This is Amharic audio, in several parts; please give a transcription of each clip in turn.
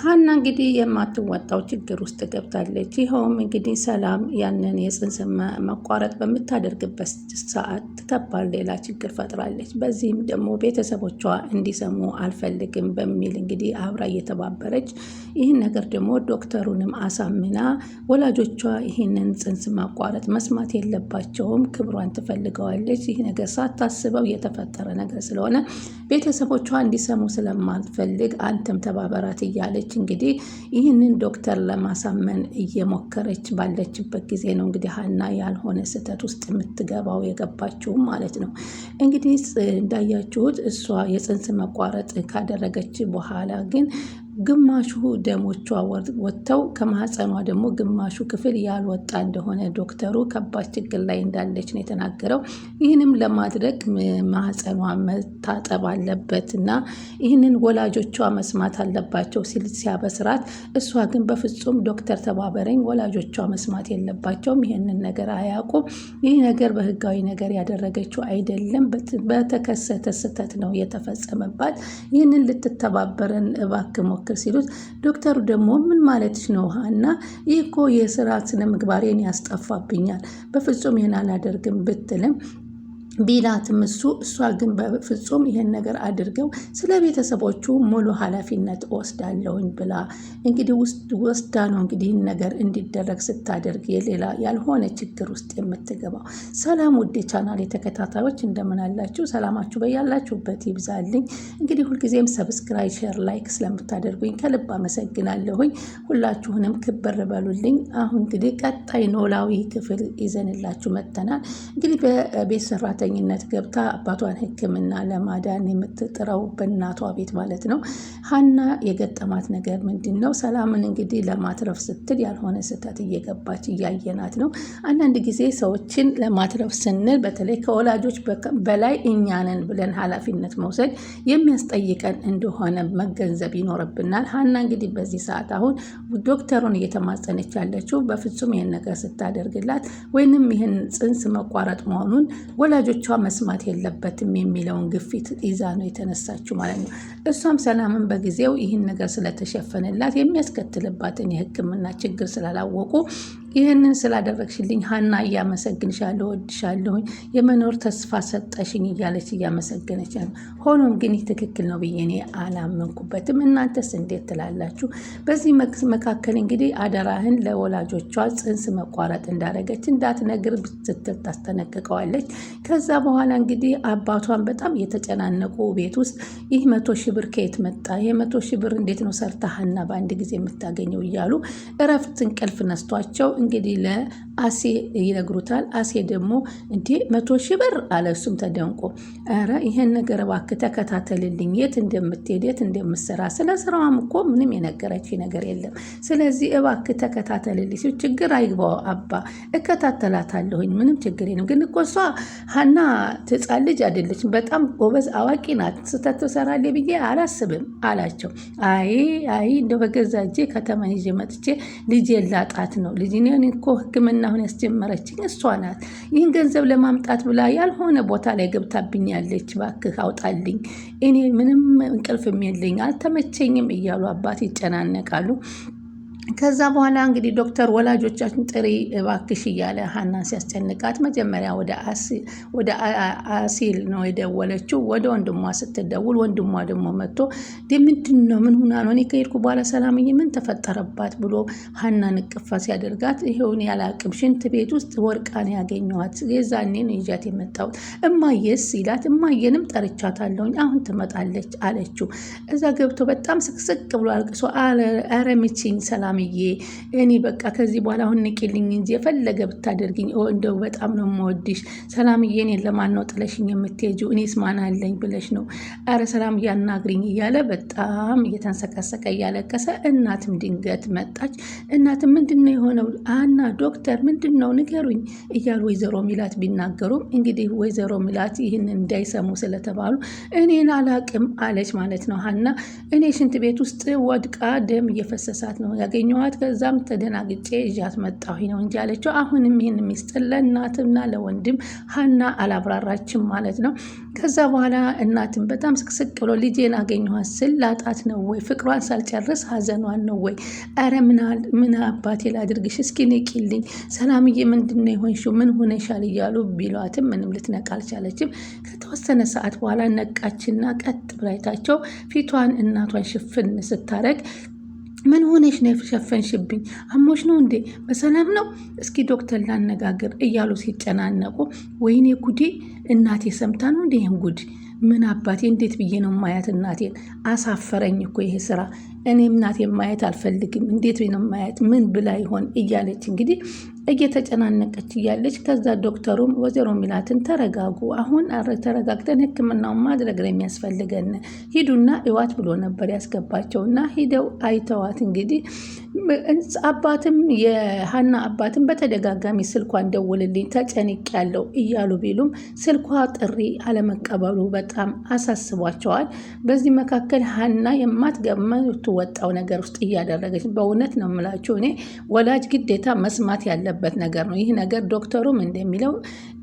ሀና እንግዲህ የማትወጣው ችግር ውስጥ ገብታለች። ይኸውም እንግዲህ ሰላም ያንን የጽንስ መቋረጥ በምታደርግበት ሰዓት ከባድ ሌላ ችግር ፈጥራለች። በዚህም ደግሞ ቤተሰቦቿ እንዲሰሙ አልፈልግም በሚል እንግዲህ አብራ እየተባበረች ይህን ነገር ደግሞ ዶክተሩንም አሳምና ወላጆቿ ይህንን ጽንስ ማቋረጥ መስማት የለባቸውም፣ ክብሯን ትፈልገዋለች። ይህ ነገር ሳታስበው የተፈጠረ ነገር ስለሆነ ቤተሰቦቿ እንዲሰሙ ስለማትፈልግ አንተም ተባበራት እያለች እያለች እንግዲህ ይህንን ዶክተር ለማሳመን እየሞከረች ባለችበት ጊዜ ነው እንግዲህ ሀና ያልሆነ ስህተት ውስጥ የምትገባው የገባችው ማለት ነው። እንግዲህ እንዳያችሁት እሷ የፅንስ መቋረጥ ካደረገች በኋላ ግን ግማሹ ደሞቿ ወጥተው ከማህፀኗ ደግሞ ግማሹ ክፍል ያልወጣ እንደሆነ ዶክተሩ ከባድ ችግር ላይ እንዳለች ነው የተናገረው። ይህንም ለማድረግ ማህፀኗ መታጠብ አለበት እና ይህንን ወላጆቿ መስማት አለባቸው ሲል ሲያበስራት፣ እሷ ግን በፍጹም ዶክተር ተባበረኝ፣ ወላጆቿ መስማት የለባቸውም፣ ይህንን ነገር አያውቁም፣ ይህ ነገር በህጋዊ ነገር ያደረገችው አይደለም፣ በተከሰተ ስህተት ነው የተፈጸመባት፣ ይህንን ልትተባበረን እባክሞ ሞክር ሲሉት ዶክተሩ ደግሞ ምን ማለትሽ ነው እና ይህ እኮ የስራ ስነ ምግባሬን ያስጠፋብኛል፣ በፍጹም ይህን አላደርግም ብትልም ቢላትም እሱ እሷ ግን በፍጹም ይህን ነገር አድርገው ስለ ቤተሰቦቹ ሙሉ ኃላፊነት ወስዳለሁኝ ብላ እንግዲህ ወስዳ ነው እንግዲህ ይህን ነገር እንዲደረግ ስታደርግ የሌላ ያልሆነ ችግር ውስጥ የምትገባው። ሰላም ውድ ቻናል የተከታታዮች እንደምን አላችሁ? ሰላማችሁ በያላችሁበት ይብዛልኝ። እንግዲህ ሁልጊዜም ሰብስክራይብ፣ ሼር፣ ላይክ ስለምታደርጉኝ ከልብ አመሰግናለሁኝ። ሁላችሁንም ክብር በሉልኝ። አሁን እንግዲህ ቀጣይ ኖላዊ ክፍል ይዘንላችሁ መጥተናል። እንግዲህ በቤት ሰራተ በሽተኝነት ገብታ አባቷን ሕክምና ለማዳን የምትጥረው በእናቷ ቤት ማለት ነው። ሀና የገጠማት ነገር ምንድን ነው? ሰላምን እንግዲህ ለማትረፍ ስትል ያልሆነ ስህተት እየገባች እያየናት ነው። አንዳንድ ጊዜ ሰዎችን ለማትረፍ ስንል በተለይ ከወላጆች በላይ እኛንን ብለን ኃላፊነት መውሰድ የሚያስጠይቀን እንደሆነ መገንዘብ ይኖርብናል። ሀና እንግዲህ በዚህ ሰዓት አሁን ዶክተሩን እየተማጸነች ያለችው በፍጹም ይህን ነገር ስታደርግላት ወይንም ይህን ጽንስ መቋረጥ መሆኑን ወላጆች ልጆቿ መስማት የለበትም የሚለውን ግፊት ይዛ ነው የተነሳችው ማለት ነው። እሷም ሰላምን በጊዜው ይህን ነገር ስለተሸፈነላት የሚያስከትልባትን የሕክምና ችግር ስላላወቁ ይህንን ስላደረግሽልኝ ሀና እያመሰግንሻለሁ፣ ወድሻለሁ፣ የመኖር ተስፋ ሰጠሽኝ እያለች እያመሰገነች ነው። ሆኖም ግን ይህ ትክክል ነው ብዬ እኔ አላመንኩበትም። እናንተስ እንዴት ትላላችሁ? በዚህ መካከል እንግዲህ አደራህን ለወላጆቿ ጽንስ መቋረጥ እንዳረገች እንዳትነግር ስትል ታስተነቅቀዋለች። ከዛ በኋላ እንግዲህ አባቷን በጣም የተጨናነቁ ቤት ውስጥ ይህ መቶ ሺህ ብር ከየት መጣ? ይህ መቶ ሺህ ብር እንዴት ነው ሰርታ ሀና በአንድ ጊዜ የምታገኘው? እያሉ እረፍት እንቅልፍ ነስቷቸው உங்கிடில አሴ ይነግሩታል። አሴ ደግሞ እንዴ መቶ ሺህ ብር አለ። እሱም ተደንቆ ኧረ ይህን ነገር እባክህ ተከታተልልኝ፣ የት እንደምትሄድ የት እንደምትሰራ ስለ ስራዋም እኮ ምንም የነገረች ነገር የለም። ስለዚህ እባክህ ተከታተልልኝ ሲል ችግር አይግባው አባ እከታተላታለሁኝ፣ ምንም ችግር የለም። ግን እኮ እሷ ሀና ሕፃን ልጅ አይደለችም፣ በጣም ጎበዝ አዋቂ ናት። ስተት ትሰራለች ብዬ አላስብም አላቸው። አይ አይ እንደ በገዛ እጄ ከተማ ይዤ መጥቼ ልጄ ላጣት ነው ልጅ እኔ እኮ ህክምና አሁን ያስጀመረችኝ እሷ ናት። ይህን ገንዘብ ለማምጣት ብላ ያልሆነ ቦታ ላይ ገብታብኝ ያለች፣ ባክህ አውጣልኝ፣ እኔ ምንም እንቅልፍም የለኝ አልተመቸኝም እያሉ አባት ይጨናነቃሉ። ከዛ በኋላ እንግዲህ ዶክተር ወላጆቻችን ጥሪ እባክሽ እያለ ሀናን ሲያስጨንቃት መጀመሪያ ወደ አሲል ነው የደወለችው። ወደ ወንድሟ ስትደውል ወንድሟ ደግሞ መጥቶ ምንድን ነው ምን ሁና ነው እኔ ከሄድኩ በኋላ ሰላምዬ ምን ተፈጠረባት ብሎ ሀናን እቅፋ ሲያደርጋት ይሄውን ያላቅም ሽንት ቤት ውስጥ ወርቃን ያገኘዋት የዛኔ ነው ይዣት የመጣሁት እማየስ ይላት። እማዬንም ጠርቻታለሁኝ አሁን ትመጣለች አለችው። እዛ ገብቶ በጣም ስቅስቅ ብሎ አልቅሶ ኧረ ሚችኝ ሰላም ጣምዬ እኔ በቃ ከዚህ በኋላ አሁን ንቂልኝ እንጂ የፈለገ ብታደርግኝ እንደው በጣም ነው የምወድሽ ሰላምዬ፣ እኔን ለማን ነው ጥለሽኝ የምትሄጂው? እኔስ ማን አለኝ ብለሽ ነው? አረ ሰላም አናግሪኝ እያለ በጣም እየተንሰቀሰቀ እያለቀሰ እናትም ድንገት መጣች። እናትም ምንድን ነው የሆነው? አና ዶክተር ምንድን ነው ንገሩኝ እያሉ ወይዘሮ ሚላት ቢናገሩም እንግዲህ ወይዘሮ ሚላት ይህን እንዳይሰሙ ስለተባሉ እኔን አላቅም አለች ማለት ነው። ሀና እኔ ሽንት ቤት ውስጥ ወድቃ ደም እየፈሰሳት ነው ያገኘ ያገኘኋት ከዛም ተደናግጬ ይዣት መጣሁኝ ነው እንጂ አለችው። አሁንም ይህን ሚስጥር ለእናትና ለወንድም ሀና አላብራራችም ማለት ነው። ከዛ በኋላ እናትም በጣም ስቅስቅ ብሎ ልጄን አገኘኋት ስል ላጣት ነው ወይ ፍቅሯን ሳልጨርስ ሀዘኗን ነው ወይ? ኧረ ምን አባቴ ላድርግሽ? እስኪ ንቂልኝ ሰላምዬ፣ ምንድን የሆንሽው? ምን ሆነሻል? እያሉ ቢሏትም ምንም ልትነቃ አልቻለችም። ከተወሰነ ሰዓት በኋላ ነቃችና ቀጥ ብላይታቸው ፊቷን እናቷን ሽፍን ስታረግ ምን ሆነሽ ነው የሸፈንሽብኝ? አሞሽ ነው እንዴ? በሰላም ነው? እስኪ ዶክተር ላነጋግር እያሉ ሲጨናነቁ፣ ወይኔ ጉዴ! እናቴ ሰምታ ነው እንዴ ይህን ጉድ? ምን አባቴ፣ እንዴት ብዬ ነው ማያት እናቴን? አሳፈረኝ እኮ ይሄ ስራ እኔም እናቴ ማየት አልፈልግም፣ እንዴት ነው ማየት ምን ብላ ይሆን እያለች እንግዲህ እየተጨናነቀች እያለች ከዛ ዶክተሩም ወይዘሮ ሚላትን ተረጋጉ፣ አሁን ተረጋግተን ሕክምናውን ማድረግ ነው የሚያስፈልገን ሂዱና እዋት ብሎ ነበር ያስገባቸውና ሂደው አይተዋት እንግዲህ አባትም የሀና አባትም በተደጋጋሚ ስልኳን ደውልልኝ ተጨንቅ ያለው እያሉ ቢሉም ስልኳ ጥሪ አለመቀበሉ በጣም አሳስቧቸዋል። በዚህ መካከል ሀና ወጣው ነገር ውስጥ እያደረገች በእውነት ነው የምላችሁ እኔ ወላጅ ግዴታ መስማት ያለበት ነገር ነው ይህ ነገር። ዶክተሩም እንደሚለው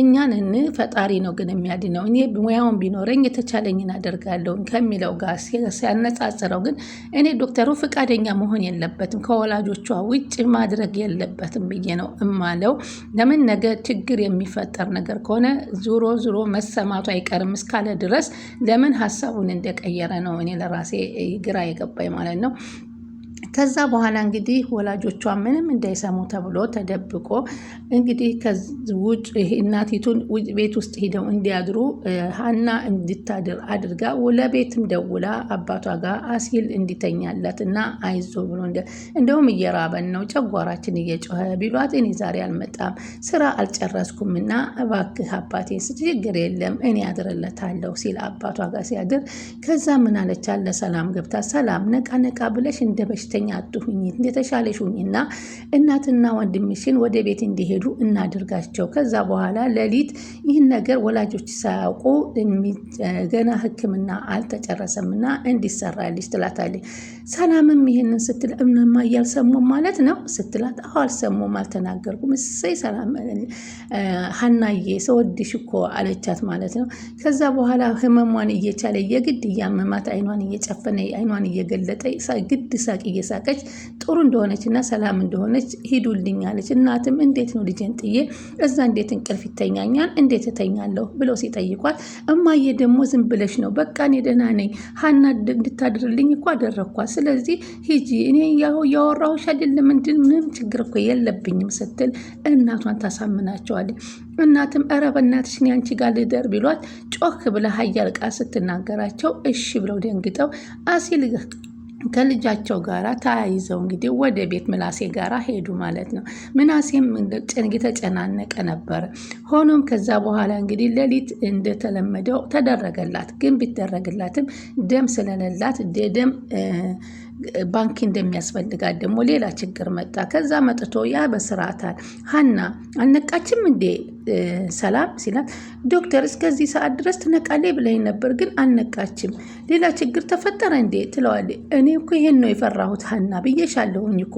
እኛን ፈጣሪ ነው ግን የሚያድነው እኔ ሙያውን ቢኖረኝ የተቻለኝን አደርጋለሁ ከሚለው ጋር ሲያነጻጽረው ግን እኔ ዶክተሩ ፈቃደኛ መሆን የለበትም ከወላጆቿ ውጭ ማድረግ የለበትም ብዬ ነው እማለው። ለምን ነገ ችግር የሚፈጠር ነገር ከሆነ ዞሮ ዞሮ መሰማቱ አይቀርም እስካለ ድረስ ለምን ሀሳቡን እንደቀየረ ነው እኔ ለራሴ ግራ የገባኝ ማለት ነው። ከዛ በኋላ እንግዲህ ወላጆቿ ምንም እንዳይሰሙ ተብሎ ተደብቆ እንግዲህ ውጭ እናቲቱን ቤት ውስጥ ሂደው እንዲያድሩ ሀና እንድታድር አድርጋ ለቤትም ደውላ አባቷ ጋር አሲል እንዲተኛላት እና አይዞ ብሎ እንደውም እየራበን ነው ጨጓራችን እየጮኸ ቢሏት እኔ ዛሬ አልመጣም ስራ አልጨረስኩም እና እባክህ አባቴ ችግር የለም እኔ አድርለታለሁ ሲል አባቷ ጋር ሲያድር ከዛ ምን አለቻለ ሰላም ገብታ ሰላም ነቃ ነቃ ብለሽ እንደ በሽተኛ ጥገኛ አትሁኝ፣ የተሻለሽ ሁኝና እናትና ወንድምሽን ወደ ቤት እንዲሄዱ እናድርጋቸው። ከዛ በኋላ ሌሊት ይህን ነገር ወላጆች ሳያውቁ ገና ሕክምና አልተጨረሰምና እንዲሰራልሽ ትላታለች። ሰላምም ይህንን ስትል እምንማ እያልሰሙም ማለት ነው ስትላት፣ አሁ አልሰሙም፣ አልተናገርኩም። እሰይ ሰላም ሀናዬ ሰወድሽ እኮ አለቻት ማለት ነው። ከዛ በኋላ ህመሟን እየቻለ የግድ እያመማት አይኗን እየጨፈነ አይኗን እየገለጠ ግድ ሳቅ እየሳ እየሳቀች ጥሩ እንደሆነች እና ሰላም እንደሆነች ሂዱልኝ አለች። እናትም እንዴት ነው ልጄን ጥዬ እዛ እንዴት እንቅልፍ ይተኛኛል እንዴት እተኛለሁ ብለው ሲጠይቋት፣ እማዬ ደግሞ ዝም ብለሽ ነው በቃ እኔ ደህና ነኝ፣ ሀና እንድታድርልኝ እኮ አደረግኳት። ስለዚህ ሂጂ እኔ ያወራሁሽ አይደለም እንድል ምንም ችግር እኮ የለብኝም ስትል እናቷን ታሳምናቸዋለች። እናትም ኧረ በእናትሽ እኔ አንቺ ጋር ልደር ቢሏት ጮክ ብለ ሀያል ቃል ስትናገራቸው እሺ ብለው ደንግጠው አሲል ከልጃቸው ጋር ተያይዘው እንግዲህ ወደ ቤት ምናሴ ጋር ሄዱ ማለት ነው። ምናሴም የተጨናነቀ ነበረ። ሆኖም ከዛ በኋላ እንግዲህ ሌሊት እንደተለመደው ተደረገላት። ግን ቢደረግላትም ደም ስለሌላት ደም ባንክ እንደሚያስፈልጋት ደግሞ ሌላ ችግር መጣ። ከዛ መጥቶ ያ በስርዓታል ሀና አልነቃችም እንዴ ሰላም ሲላት፣ ዶክተር እስከዚህ ሰዓት ድረስ ትነቃሌ ብለኝ ነበር፣ ግን አልነቃችም። ሌላ ችግር ተፈጠረ እንዴ ትለዋል። እኔ እኮ ይሄን ነው የፈራሁት ሀና ብዬሻለሁኝ እኮ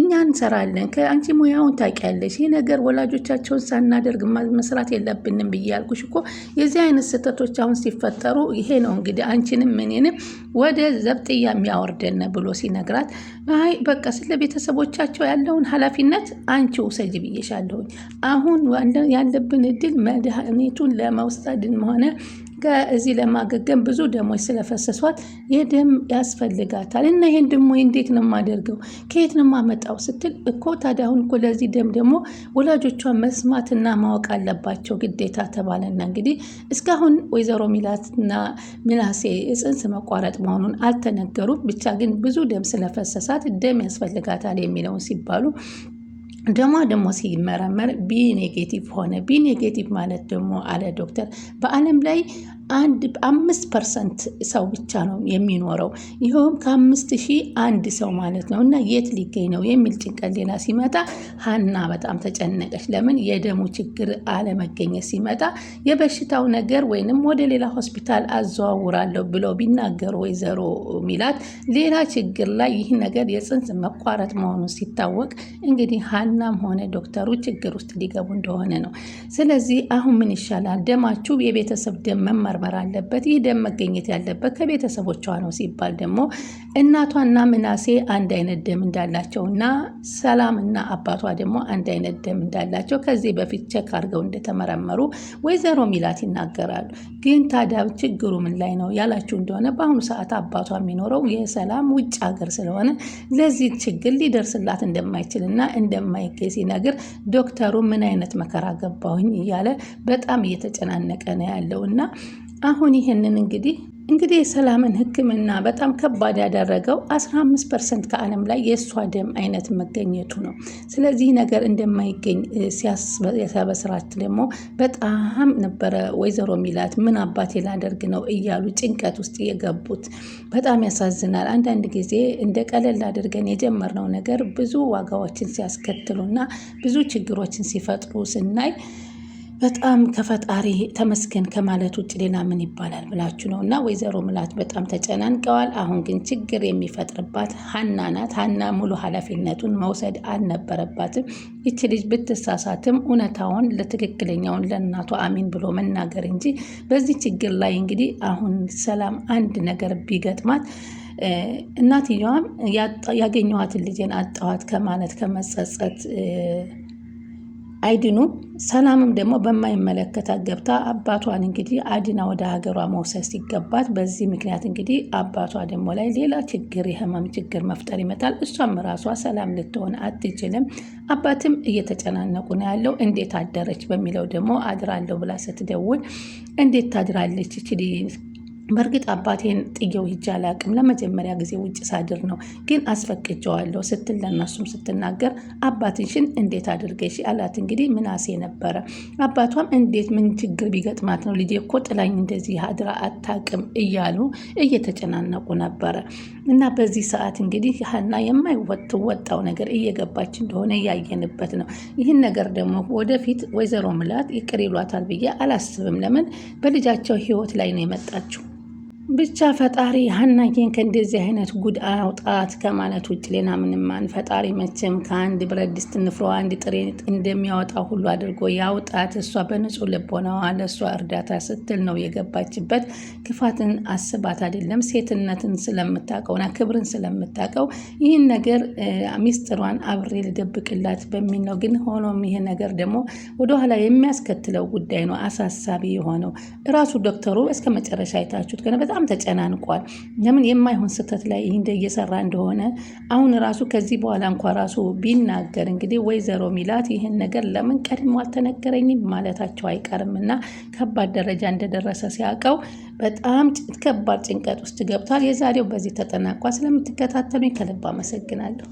እኛ እንሰራለን፣ ከአንቺ ሙያውን ታውቂያለሽ። ይህ ነገር ወላጆቻቸውን ሳናደርግ መስራት የለብንም ብዬ ያልኩሽ እኮ የዚህ አይነት ስህተቶች አሁን ሲፈጠሩ ይሄ ነው እንግዲህ አንቺንም እኔንም ወደ ዘብጥያ የሚያወርደን ነበር ብሎ ሲነግራት አይ በቃ ስለ ቤተሰቦቻቸው ያለውን ኃላፊነት አንቺ ውሰጅ ብዬሻለሁኝ። አሁን ያለብን እድል መድኃኒቱን ለመውሰድም ሆነ ከዚህ ለማገገም ብዙ ደሞች ስለፈሰሷት ይህ ደም ያስፈልጋታል እና ይህን ደሞ እንዴት ነው የማደርገው ከየት ነው የማመጣው ስትል እኮ ታዲያ አሁን እኮ ለዚህ ደም ደግሞ ወላጆቿ መስማትና ማወቅ አለባቸው ግዴታ ተባለና እንግዲህ እስካሁን ወይዘሮ ሚላትና ሚላሴ ጽንስ መቋረጥ መሆኑን አልተነገሩም። ብቻ ግን ብዙ ደም ስለፈሰሳት ደም ያስፈልጋታል የሚለውን ሲባሉ ደሟ ደግሞ ሲመረመር ቢ ኔጌቲቭ ሆነ። ቢ ኔጌቲቭ ማለት ደግሞ አለ ዶክተር በዓለም ላይ አንድ አምስት ፐርሰንት ሰው ብቻ ነው የሚኖረው። ይኸውም ከአምስት ሺህ አንድ ሰው ማለት ነው። እና የት ሊገኝ ነው የሚል ጭንቀት ሌላ ሲመጣ ሀና በጣም ተጨነቀች። ለምን የደሙ ችግር አለመገኘት ሲመጣ የበሽታው ነገር ወይንም ወደ ሌላ ሆስፒታል አዘዋውራለሁ ብለው ቢናገሩ ወይዘሮ ሚላት ሌላ ችግር ላይ ይህ ነገር የፅንስ መቋረጥ መሆኑን ሲታወቅ እንግዲህ ሀናም ሆነ ዶክተሩ ችግር ውስጥ ሊገቡ እንደሆነ ነው። ስለዚህ አሁን ምን ይሻላል? ደማችሁ የቤተሰብ ደም መመርመር አለበት። ይህ ደም መገኘት ያለበት ከቤተሰቦቿ ነው ሲባል ደግሞ እናቷና ምናሴ አንድ አይነት ደም እንዳላቸው እና ሰላምና አባቷ ደግሞ አንድ አይነት ደም እንዳላቸው ከዚህ በፊት ቸክ አድርገው እንደተመረመሩ ወይዘሮ ሚላት ይናገራሉ። ግን ታዲያ ችግሩ ምን ላይ ነው ያላችሁ እንደሆነ በአሁኑ ሰዓት አባቷ የሚኖረው የሰላም ውጭ ሀገር ስለሆነ ለዚህ ችግር ሊደርስላት እንደማይችልና እንደማይ ለማይኬ ሲነግር ዶክተሩ ምን አይነት መከራ ገባሁኝ እያለ በጣም እየተጨናነቀ ነው ያለው እና አሁን ይህንን እንግዲህ እንግዲህ የሰላምን ሕክምና በጣም ከባድ ያደረገው 15 ፐርሰንት ከዓለም ላይ የእሷ ደም አይነት መገኘቱ ነው። ስለዚህ ነገር እንደማይገኝ ሲያበስራት ደግሞ በጣም ነበረ ወይዘሮ ሚላት ምን አባቴ ላደርግ ነው እያሉ ጭንቀት ውስጥ የገቡት በጣም ያሳዝናል። አንዳንድ ጊዜ እንደ ቀለል አድርገን የጀመርነው ነገር ብዙ ዋጋዎችን ሲያስከትሉና ብዙ ችግሮችን ሲፈጥሩ ስናይ በጣም ከፈጣሪ ተመስገን ከማለት ውጭ ሌላ ምን ይባላል ብላችሁ ነው። እና ወይዘሮ ምላት በጣም ተጨናንቀዋል። አሁን ግን ችግር የሚፈጥርባት ሀና ናት። ሀና ሙሉ ኃላፊነቱን መውሰድ አልነበረባትም። ይቺ ልጅ ብትሳሳትም እውነታውን ለትክክለኛውን ለእናቷ አሚን ብሎ መናገር እንጂ በዚህ ችግር ላይ እንግዲህ አሁን ሰላም አንድ ነገር ቢገጥማት እናትየዋም ያገኘኋትን ልጄን አጣኋት ከማለት ከመጸጸት አይድኑም። ሰላምም ደግሞ በማይመለከታት ገብታ አባቷን እንግዲህ አድና ወደ ሀገሯ መውሰድ ሲገባት በዚህ ምክንያት እንግዲህ አባቷ ደግሞ ላይ ሌላ ችግር የህመም ችግር መፍጠር ይመጣል። እሷም ራሷ ሰላም ልትሆን አትችልም። አባትም እየተጨናነቁ ነው ያለው። እንዴት አደረች በሚለው ደግሞ አድራለሁ ብላ ስትደውል እንዴት ታድራለች በእርግጥ አባቴን ጥየው ሂጄ አቅም ለመጀመሪያ ጊዜ ውጭ ሳድር ነው፣ ግን አስፈቅጀዋለሁ ስትል ለእነሱም ስትናገር አባትሽን እንዴት አድርገሽ አላት። እንግዲህ ምናሴ ነበረ። አባቷም እንዴት ምን ችግር ቢገጥማት ነው ልጄ እኮ ጥላኝ እንደዚህ አድራ አታቅም እያሉ እየተጨናነቁ ነበረ። እና በዚህ ሰዓት እንግዲህ ሀና የማይወጣው ነገር እየገባች እንደሆነ እያየንበት ነው። ይህን ነገር ደግሞ ወደፊት ወይዘሮ ምላት ይቅር ይሏታል ብዬ አላስብም። ለምን በልጃቸው ህይወት ላይ ነው የመጣችው። ብቻ ፈጣሪ ሀናዬን ከእንደዚህ አይነት ጉድ አውጣት ከማለት ውጭ ሌላ ምንማን። ፈጣሪ መቼም ከአንድ ብረት ድስት ንፍሮ አንድ ጥሬ እንደሚያወጣ ሁሉ አድርጎ ያውጣት። እሷ በንጹህ ልቦናዋ ለእሷ እርዳታ ስትል ነው የገባችበት። ክፋትን አስባት አይደለም፣ ሴትነትን ስለምታውቀውና ክብርን ስለምታውቀው ይህን ነገር ሚስጥሯን አብሬ ልደብቅላት በሚል ነው። ግን ሆኖም ይህ ነገር ደግሞ ወደኋላ የሚያስከትለው ጉዳይ ነው አሳሳቢ የሆነው። እራሱ ዶክተሩ እስከ መጨረሻ አይታችሁት በጣም ተጨናንቋል። ለምን የማይሆን ስህተት ላይ እንደ እየሰራ እንደሆነ አሁን ራሱ ከዚህ በኋላ እንኳ ራሱ ቢናገር እንግዲህ ወይዘሮ ሚላት ይህን ነገር ለምን ቀድሞ አልተነገረኝም ማለታቸው አይቀርም እና ከባድ ደረጃ እንደደረሰ ሲያውቀው በጣም ከባድ ጭንቀት ውስጥ ገብቷል። የዛሬው በዚህ ተጠናቋል። ስለምትከታተሉኝ ከልብ አመሰግናለሁ።